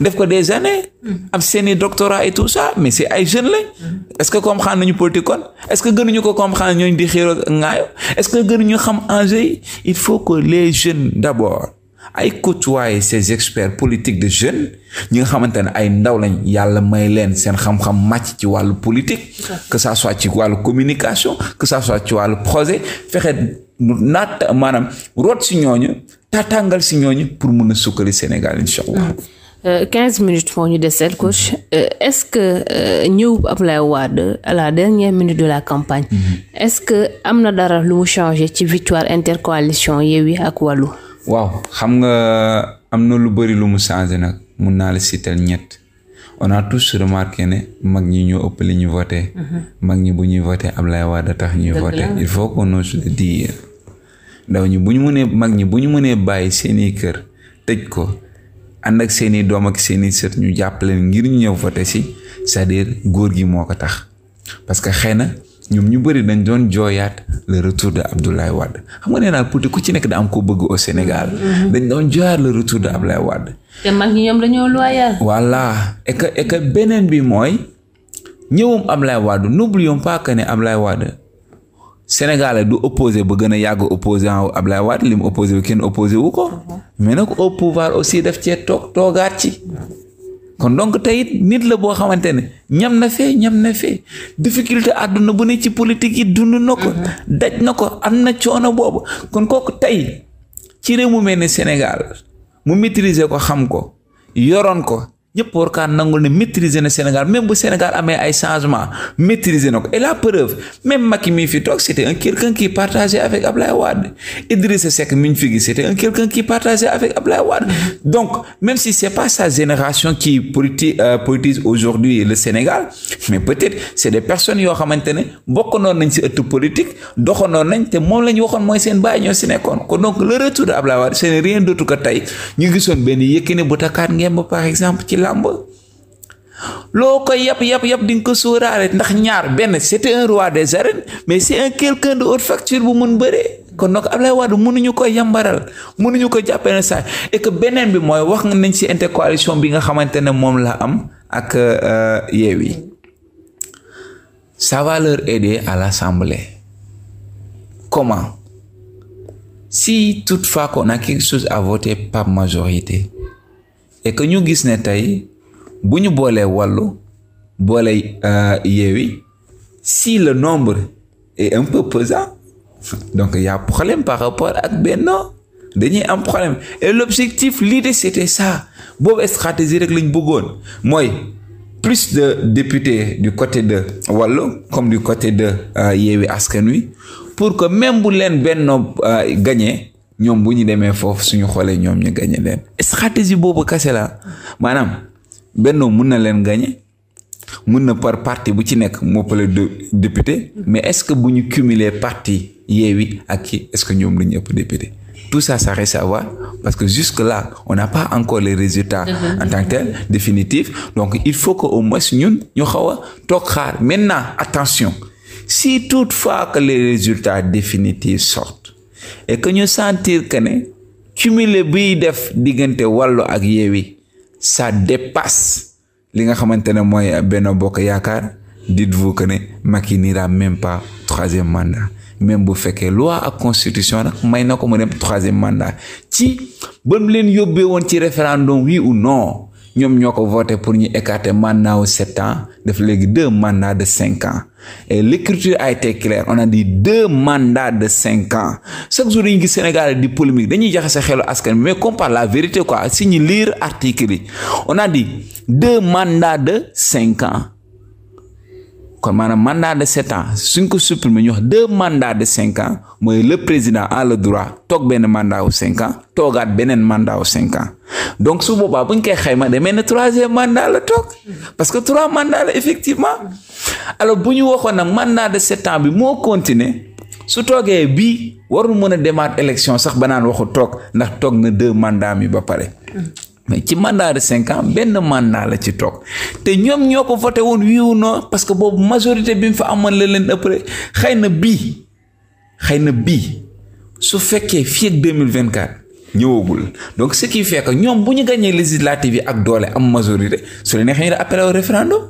def ko des années am seeni doctorat et tout ça mais c'est ay jeunes lañ est que comprendre nañu politique kon est-ce que gënuñu ko comprendre ñooñu di xiiroo ngaayo est-ce que gënuñu xam enjeu yi il faut que les jeunes d'abord ay côtoyer ces experts politiques de jeunes ñi nga xamante ne ay ndaw lañ yàlla may leen seen xam-xam màcc ci wàllu politique que ça soit ci wàllu communication que ça soit ci wàllu projet fexe naat maanaam root si ñooñu taataangal si ñooñu pour mun a sukkali Sénégal incha allah. Mm. Euh, quinze minutes moo ñu deseel coach euh, est-ce que euh, ñëw Ablaye Wade à la dernière minute de la campagne. Mm-hmm. est-ce que am na dara lu mu changé ci victoire intercoalition yi ak Wallu. waaw xam nga am na lu bëri lu mu changé nag mun naa la sital ñett on a tous remarqué ne mag ñi ñoo ëpp li ñu voté. Mhm. mag ñi bu ñuy voté Ablaye Wade tax ñuy voté. il faut qu'on ose le bu ñu mënee mag ñi bu ñu mënee bàyyi seeni kër tëj ko ànd ak seeni doom ak seeni sët ñu jàpp leen ngir ñu ñëw voté si cest dire góor gi moo ko tax parce que xëy na ñoom ñu bëri dañ doon jooyaat le retour de Abdoulaye Wade xam nga nee naa politique ku ci nekk da am ko bëgg au Sénégal. Mhm. dañ doon jooyaat le retour de Abdoulaye Wade. te mag ñi ñoom dañoo loyal. voilà et beneen bi mooy ñëwum Abdoulaye Wade n'oublions pas que ne Abdoulaye Wade Sénégalais du opposé ba gën a yàgg opposant Abdoulaye Wade li mu opposé wu kenn opposé wu ko. Mhm. mais nag au pouvoir aussi daf cee toog toogaat ci. kon donc tey it nit la boo xamante ne ñam na fee ñam na fee difficulté àdduna bu ne ci politique yi dund na ko mhm. daj na ko am na coono boobu kon kooku tey ci réew mu mel ne Sénégal mu maîtriser ko xam ko yoroon ko ñëpp war kaa nangul ne maîtriser na Sénégal même bu Sénégal amee ay changement maîtriser na ko et la preuve même Macky mi fi toog c' était un quelqu'un qui partageait avec Ablaye Wade mi fi gis c' était un quelqu'un qui partageait avec Ablaye Wade donc même si c'est pas sa génération qui politi euh, politise aujourd'hui le Sénégal mais peut-être c' est des personnes yoo xamante ne bokkoonoon nañ si ëtt politique doxoonoon nañ te moom la ñu waxoon mooy seen bàyyi ñoo si nekkoon ko donc le retour de Ablaye Wade rien d'autre que tey ñu gisoon làmb loo ko yab yab yab di nga ko sóoraale ndax ñaar benn c'était un roi des arènes mais c'est un quelqu'un de haute facture bu mun bëree kon donc Ablaye Wade mënuñu ko yambaral mënuñu ko jàppee ne saa et que beneen bi mooy wax nga nañ si intercoalition bi nga xamante ne moom la am ak euh, Yewwi ça va leur aider à l'assemblée comment si toutefois qu'on a quelque chose à voter par majorité et que ñu gis ne tey bu ñu boolee wàllu boolee euh, yeewi si le nombre est un peu pesant donc y a problème par rapport ak Benno dañuy am problème et l'objectif l'idée c'était ça boobu stratégie rek lañ bëggoon mooy plus de députés du côté de Wallu comme du côté de euh, Yewwi Askan Wi pour que même bu leen Benno euh, gagné ñoom bu ñu demee foofu suñu xoolee ñoom ñu gañe leen stratégie boobu kase la maanaam Benno mun na leen gañe mun na par parti bu ci nekk moo pale député mais est-ce que bu ñu cumuler parti Yewwi ak kii est-ce que ñoom lu ñu ëpp député tout ça ça reste à parce que jusque là on n'a pas encore les résultats mmh. en tant que tel définitifs donc il faut que au moins ñun ñu xaw a toog xaar maintenant attention si tout toutefois que les résultats définitifs sortent et que ñu sentir que ne cumulé biy def diggante wàllu ak yeewi ça dépasse li nga xamante ne mooy benn Bokk Yaakaar dites-vous que ne Macky n'ira même pas troisième mandat même bu fekkee loi ak constitution nag may na ko mu dem troisième mandat ci ba leen yóbbee woon ci référendum oui u non ñoom ñoo ko voté pour ñu écarter mandat wu sept ans def léegi deux mandats de cinq ans et l'écriture ay été claire on a dit deux mandats de cinq ans chaque jour dañu gis Sénégal di polémique dañuy jaxase xelu askan mais qu'on parle la vérité quoi si ñu lire article yi on a dit deux de cinq an maanaa maanaam mandat de sept ans suñ ko supprimer ñu wax deux mandats de cinq ans mooy le président a le droit toog benn mandat wu cinq ans toogaat beneen mandat wu cinq ans donc su boobaa bu ñu koy xayma demee ne troisième mandat la toog parce que trois mandats la effectivement alors bu ñu waxoon nag mandat de sept bi moo continuer su toogee bi warul mën a demaat élection sax ba naan waxu toog ndax toog na deux mandats mi ba pare. mais ci mandat de cinq ans benn mandat la ci toog te ñoom ñoo ko voté woon wiiwu noo parce que boobu majorité bi mu fa amoon la leen ëpp ëppale xëy na bii xëy na bii su fekkee fii ak deux mille vingt quatre ñëwagul donc ce qui fait que ñoom bu ñu gañee législative yi ak doole am majorité su la neexee ñu da appelé au référendum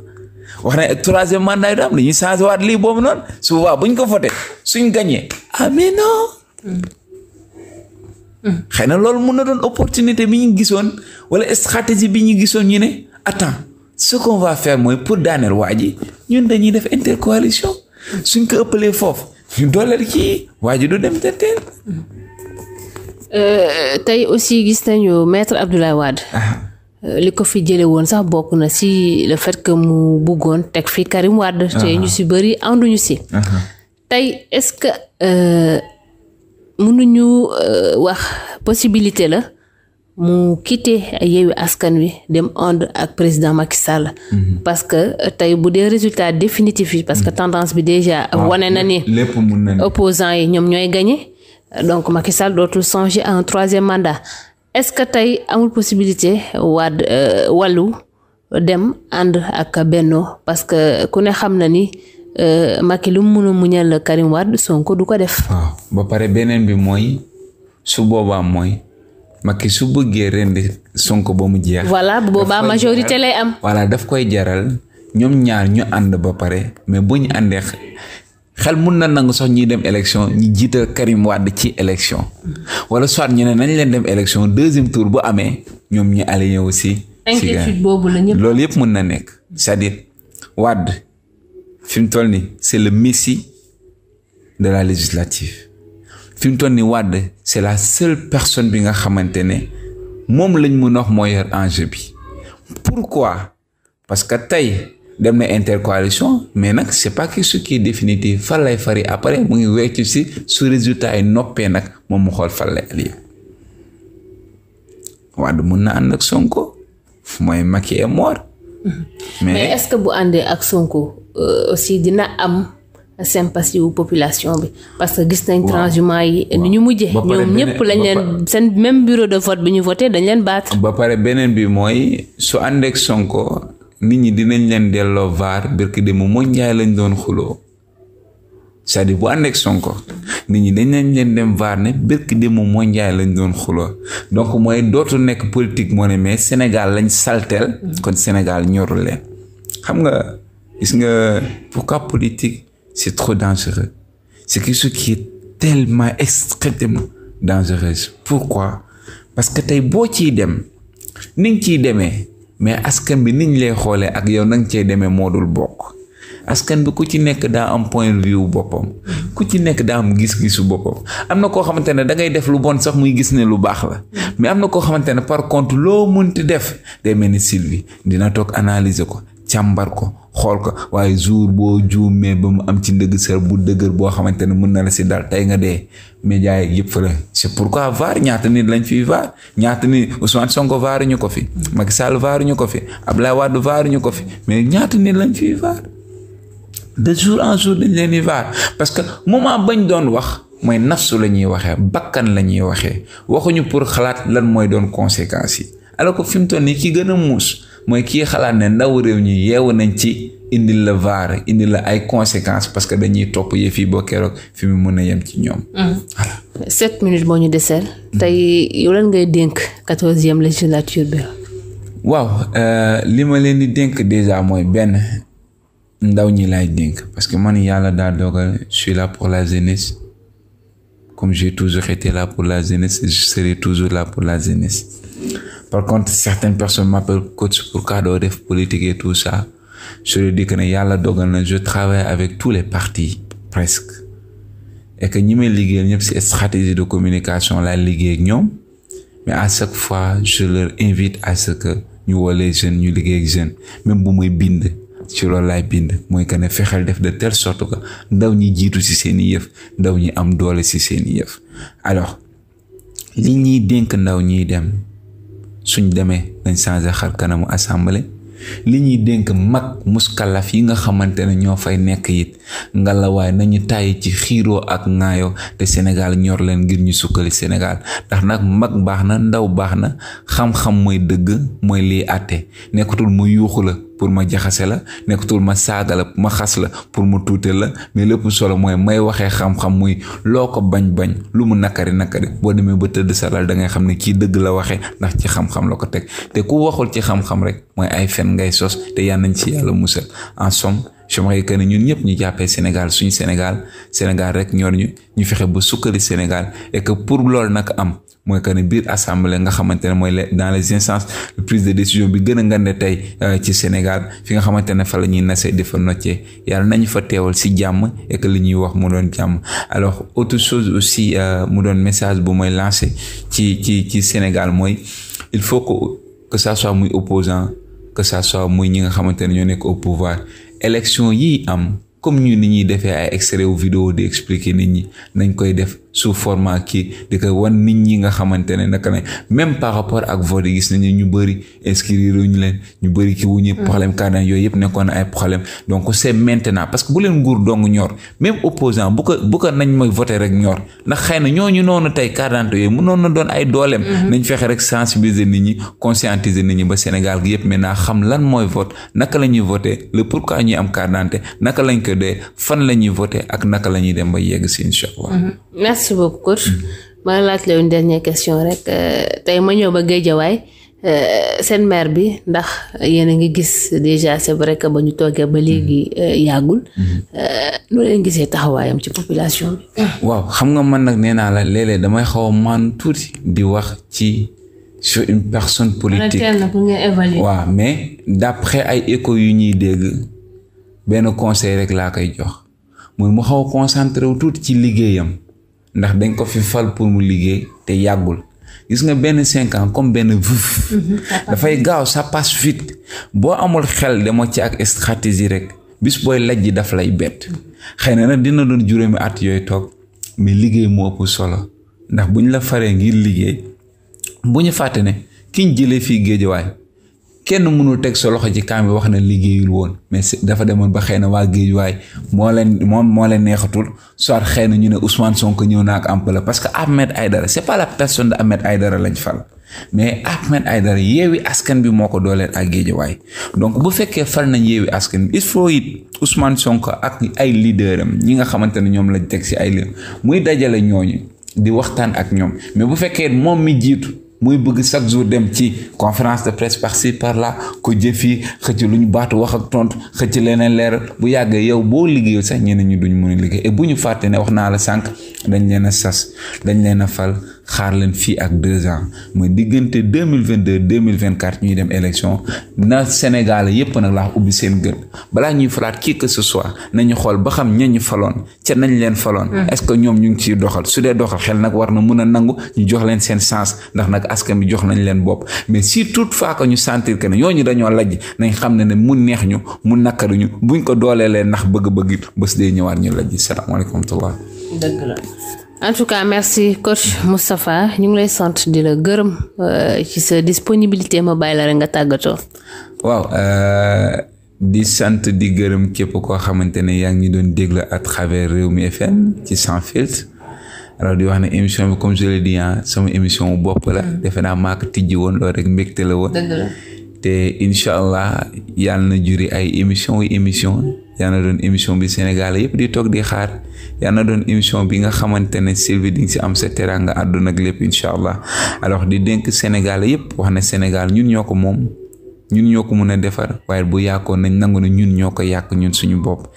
wax nañ ak troisième mandat yi du am dañuy changé waat lii boobu noonu su boobaa bu ñu ko voté suñ gagné ah mais xëy na loolu mun na doon opportunité bi ñu gisoon wala stratégie bi ñu gisoon ñu ne attends ce qu'on va faire mooy pour daaneel waa ji ñun dañuy def intercoalition suñ ko ëppalee foofu ñu dooleel kii waaju du dem te euh, tey aussi gis nañu maître Abdoulaye Wade ah. euh, li ko fi jële woon sax bokk na si le fait que mu buggoon teg fi Karim Wade te ah. ñu si bëri ànduñu si ah. tey est mënuñu euh, wax possibilité la mu quitté Yewwi Askan Wi dem ànd ak président Macky Sall. Mhm. parce que euh, tey bu dee résultat définitif yi. parce que mhm. tendance bi déjà. Ah, wane na ni lépp yi ñoom ñooy gagné. donc Macky dootul songer à troisième mandat est-ce que tey amul possibilité waad euh, wallu dem ànd ak Benno parce que ku ne xam na ni. Euh, makki lu mu mun a muñal Karim Wade Sonko du ko def. waaw ah, ba pare beneen bi mooy su boobaa mooy makki su bëggee rendi sonk ba mu jeex. voilà boobaa majorité lay am. voilà daf koy jaral ñoom ñaar ñu ànd ba pare mais bu ñu àndeex xel mun na nangu sox ñuy dem élection ñu jiital Karim Wade ci élection wala soit ñu ne nañ leen dem élection deuxième tour bu amee ñoom ñu allié aussi. si la loolu yëpp mun na nekk c'est-à-dire fi mu toll nii c'est le messie de la législative fi mu toll ni Wade c'est la seule personne bi nga xamante ne moom lañ mën a moo yor enjeu bi pourquoi parce que tey dem na intercoalition mais nag c'est pas que ce qui est définitif fan lay fari après mu ngi weecu si su résultat ay noppee nag moom mu xool fan lay allié Wade mun na ànd ak Sonko mooy Macky est mort Mm-hmm. mais, mais est-ce que bu àndee ak Sonko euh, aussi dina am sympathie wu population bi parce que gis nañ transhumant yi ni ñu mujje ñoom ñëpp lañ leen seen même bureau de vote bi ñu voté dañ leen battre ba pare beneen bi mooy su àndeek Sonko nit ñi dinañ leen delloo vaar birki de mu moñ njaay lañ doon xuloo cest à bu ànd ak Sonko nit ñi dañ nañ leen dem vaar ne bërki démb mondial lañ doon xuloo donc mooy dootu nekk politique moo ne mais Sénégal lañ salteel kon Sénégal ñoru leen xam nga gis nga pourquoi politique c'est trop dangereux c'est quelque chose qui est tellement extrêmement pourquoi parce que tey boo ciy dem ni nga ciy demee mais askan bi niñ lay xoolee ak yow na nga cay demee moo dul bokk askan bi ku ci nekk daa am point de vue boppam ku ci nekk daa am gis-gisu boppam am na koo xamante ne da ngay def lu bon sax muy gis ne lu baax la mais am na koo xamante ne par contre loo munti def day mel ni Sylvie dina toog analyser ko càmbar ko xool ko waaye jour boo juumee ba mu am ci ndëgg sër bu dëgër boo xamante ne mën na la si dal tey nga dee média yëpp fa la c'est pourquoi vaar ñaata nit lañ fiy vaar ñaata nit Ousmane Sonko vaaruñu ko fi Macky Sall ko fi Abdoulaye Wade vaaruñu ko fi mais ñaata nit lañ fiy vaar de jour en jour dañ leen di vaar parce que moment bañ doon wax mooy nafsu la ñuy waxee bakkan la ñuy waxee waxuñu pour xalaat lan mooy doon conséquence yi alors que fi mu toll nii ki gën a muus mooy kii xalaat ne ndaw réew ñi yeewu nañ ci indil la vaar indi la ay conséquences parce que dañuy topp yëf fii ba keroog fi mu mën a yem ci ñoom. Mmh. sept minutes moo ñu deseel. Mmh. tey yow lan ngay dénk quatorzième législature bi. waaw euh, li ma leen di dénk déjà mooy benn. ndaw ñi lay dénk parce que man yàlla daal dogal je la pour la jeunesse comme j'ai toujours été là pour la jeunesse je serai toujours là pour la jeunesse par contre certaines personnes m'appellent coach pour ka doo def politique et tout ça je leur dis ne yàlla dogal na je travaille avec tous les partis presque et que ñi may liggéeyal ñëpp ci stratégie de communication laay liggéey ak ñoom mais à chaque fois je leur invite à ce que ñu woo les jeunes ñu liggéey ak jeunes même bu muy bind. ci loolu laay bind mooy que ne fexeel def de telle sort que ndaw ñi jiitu ci seeni yëf ndaw ñi am doole ci seeni yëf alors li ñuy dénk ndaw ñiy dem suñ demee dañ xar kanamu assemblée li ñuy dénk mag muskalaf yi nga xamante ne ñoo fay nekk it ngalawaay nañu tàyyi ci xiiroo ak ŋaayoo te Sénégal ñor leen ngir ñu sukkali Sénégal ndax nag mag baax na ndaw baax na xam-xam mooy dëgg mooy lii àtte nekkatul mu yuuxu la pour ma jaxase la nekkatul ma saaga la ma xas la pour ma tuutee la mais lépp solo mooy may waxee xam-xam muy loo ko bañ-bañ lu mu nakari nakari boo demee ba tëdd sa lal da ngay xam ne kii dëgg la waxee ndax ci xam-xam la ko teg te ku waxul ci xam-xam rek mooy ay fen ngay sos te yal nañ ci yàlla musal en somme chemay que ne ñun ñëpp ñu jàppee Sénégal suñu Sénégal Sénégal rek ñor ñu ñu fexe ba sukkali Sénégal et pour loolu nag am mooy que ne biir assemblée nga xamante ne mooy les dans les instances de prise de décision bi gën a ngande tey euh, ci Sénégal fi nga xamante ne fa la ñuy nasee di fa noccee yàlla nañu fa teewal si jàmm et li ñuy wax mu doon jàmm alors autre chose aussi euh, mu doon message bu mooy lancé ci ci ci Sénégal mooy il faut que que ça soit muy opposant que ça soit muy ñi nga xamante ne ñoo nekk au pouvoir élection yi am comme ñu ni ñuy defee ay extrait vidéo di expliquer nit ñi nañ koy def sous format kii di ko wan nit ñi nga xamante ne naka ne même par rapport ak vote gis nañu ñu bëri inscrire ñu leen ñu bëri ki wuñu problème mm. cardan yooyu yëpp nekkoon ay problème donc c'est maintenant parce que bu leen dong ñor même opposant bu ko bu ko nañ mooy vote rek ñor ndax xëy na ñooñu noonu tey cardan yooyu na doon ay dooleem mm-hmm. nañ fexe rek sensibiliser nit ñi conscientiser nit ñi ba Sénégal gi yëpp maintenant xam lan mooy vote naka la ñuy voté le pourquoi ñuy am cardan naka lañ ko dee fan la ñuy voté ak naka la ñuy dem ba yegg si incha allah mm-hmm. merci beaucoup coach mm-hmm. ma laaj la une dernière question rek euh, tey ma ñëw ba Géejawaay euh, seen maire bi ndax yéen a ngi gis déjà c'est vrai que ba ñu toogee ba léegi mm-hmm. euh, yàggul mm-hmm. nu leen gisee taxawaayam ci population bi. waaw xam nga man nag nee naa la léeg-léeg damay xaw a maanu tuuti di wax ci sur une personne politique waa mais d'après ay échos yu ñuy dégg benn conseil rek laa koy jox mooy mu xaw a concentré wu tuuti ci liggéeyam. ndax dañ ko fi fal pour mu liggéey te yàggul gis nga benn cinq comme benn vuf mm-hmm. dafay gaaw ça passe vite boo amul xel demoo ci ak stratégie rek bis booy lajj daf lay bett xëy na nag dina doon juróomi at yooyu toog mais liggéey moo ëpp solo ndax bu ñu la faree ngir liggéey bu ñu fàtte ne kiñ jëlee fii géejawaay kenn mënul teg sa loxo ci kaam bi wax na liggéeyul woon mais dafa demoon ba xëy na waa Géejuwaay moo leen moom moo leen neexatul soit xëy na ñu ne Ousmane Sonko ñëw naa ak ample parce que Ahmed Aïdara c'est pas la personne de Ahmed Aïdara lañ fal mais Ahmed Aïdara yeewi askan bi moo ko dooleel ak Géejuwaay donc bu fekkee fal nañ yeewi askan bi il it Ousmane Sonko ak ay leader am ñi nga xamante ne ñoom lañ teg si ay leader muy dajale ñooñu di waxtaan ak ñoom mais bu fekkee moom mi jiitu. muy bëgg chaque jour dem ci conférence de presse par ci par là ko jëf yi xëcc lu ñu baatu wax ak tontu xëcc leneen leeral bu yàggee yow boo liggéeyul sax ñeneen ñi duñ mën a liggéey et bu ñu fàttee ne wax naa la sànq dañ leen a sas dañ leen a fal. xaar leen fii ak deux ans mooy diggante deux mille vingt deux deux mille vingt quatre ñuy dem élection na Sénégal yépp nag laa ubbi seen gën balaa ñuy falaat qui que ce soit nañu xool ba xam ña ñu faloon ca nañ leen faloon. Mm. est-ce que ñoom ñu ngi ciy doxal su dee doxal xel nag war na mën a nangu jox leen seen sens ndax nag askan bi jox nañ leen bopp mais si toutefois que ñu sentir que ne ñooñu dañoo lajj nañ xam ne ne mu neex ñu mu nakkaru ñu buñ ko doolee leen ndax bëgg-bëgg bés dee ñëwaat ñu lajj salaamaaleykum wa rahmatulah. en tout cas merci coach Moustapha ñu ngi lay sant di la gërëm euh, ci sa disponibilité ma bàyyi la rek nga tàggatoo. waaw euh, di sant di gërëm képp koo xamante ne yaa ngi doon déglu à travers mi FM ci sans filtre alors di wax ne émission bi comme je l'ai dit sama émission bopp la mm. defe naa maa ko tijji woon loolu rek mbégte la woon. te incha allah yal na juri ay émission yu émission yàlla na doon émission bi Sénégal yëpp di toog di xaar yàlla na doon émission bi nga xamante ne Sylvie di nga si am sa teraanga àdduna ak lépp incha allah alors di dénk Sénégal yëpp wax na Sénégal ñun ñoo ko moom ñun ñoo ko mën a defar waaye bu yàqoon nañ nangu ne ñun ñoo ko yàq ñun suñu bopp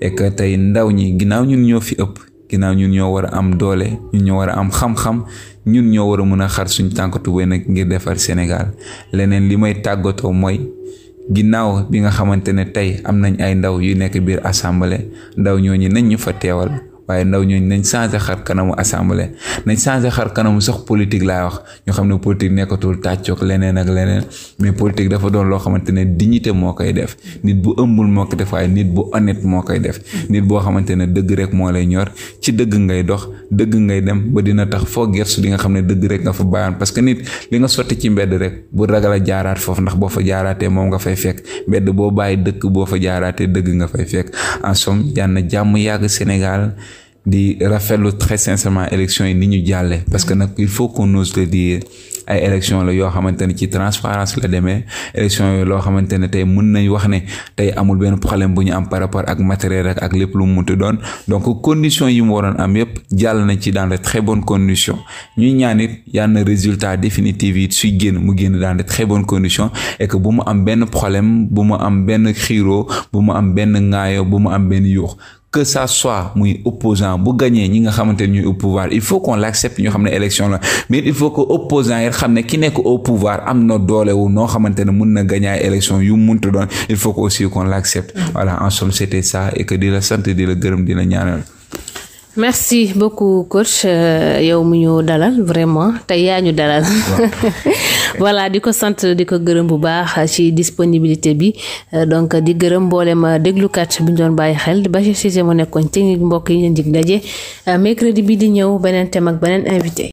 et tey ndaw ñi ginaaw ñun ñoo fi ëpp ginnaaw ñun ñoo war a am doole ñun ñoo war a am xam-xam. ñun ñoo war a mën a xar suñ tànk tubéy nag ngir defar Sénégal leneen li may tàggatoo mooy ginnaaw bi nga xamante ne tey am nañ ay ndaw yu nekk biir assemblée ndaw ñooñu nañ ñu fa teewal waaye ndaw ñooñu nañ changé xar kanamu assemblée nañ changé xar kanamu sox politique laa wax ñu xam ne politique nekkatul tàccoog leneen ak leneen mais politique dafa doon loo xamante ne dignité moo koy def nit bu ëmbul moo koy def waaye nit bu honnête moo koy def nit boo xamante ne dëgg rek moo lay ñor ci dëgg ngay dox dëgg ngay dem ba dina tax foo gersu di nga xam ne dëgg rek nga fa bàyyoon parce que nit li nga sotti ci mbedd rek bu ragal a jaaraat foofu ndax boo fa jaaraatee moom nga fay fekk mbedd boo bàyyi dëkk boo fa jaaraatee dëgg nga fay fekk en somme yàlla na jàmm yàgg Sénégal di rafetlu très sincèrement élection yi ni ñu jàlle parce que nag il faut qu'on ose le dire ay élection la yoo xamante ne ci transparence la demee élection yooyu loo xamante ne tey mën nañ wax ne tey amul benn problème bu ñu am par rapport ak matériel rek ak lépp lu mu munti doon donc conditions yi mu waroon am yëpp jàll nañ ci dans de très bonnes conditions ñaan it yal na résultat définitif yi suy génn mu génn dans de très bonnes conditions et mu am benn problème bu mu am benn xiiroo bu mu am benn ŋaayoo bu mu am benn yuux que ça soit muy opposant bu gagné ñi nga xamante ñuy au il faut qu'on l'accepte ñu xam ne élection la mais il faut que opposant yi xam ne ki nekk au am na doole wu noo xamante ne mun na gagné élection yu munta doon il faut que aussi qu'on l'accepte mm-hmm. voilà en somme c'était ça et que di la sant di la gërëm di la merci beaucoup coach euh, yow mu ñëw dalal vraiment tey yaa ñu dalal voilà di ko sant di ko gërëm bu baax ci disponibilité bi euh, donc di gërëm mboolem euh, déglukat bi ñu doon bàyyi xel Bachir Cissé mu nekkoon technique mbokk yi ñu dig daje mercredi bi di ñëw beneen thème ak beneen invité.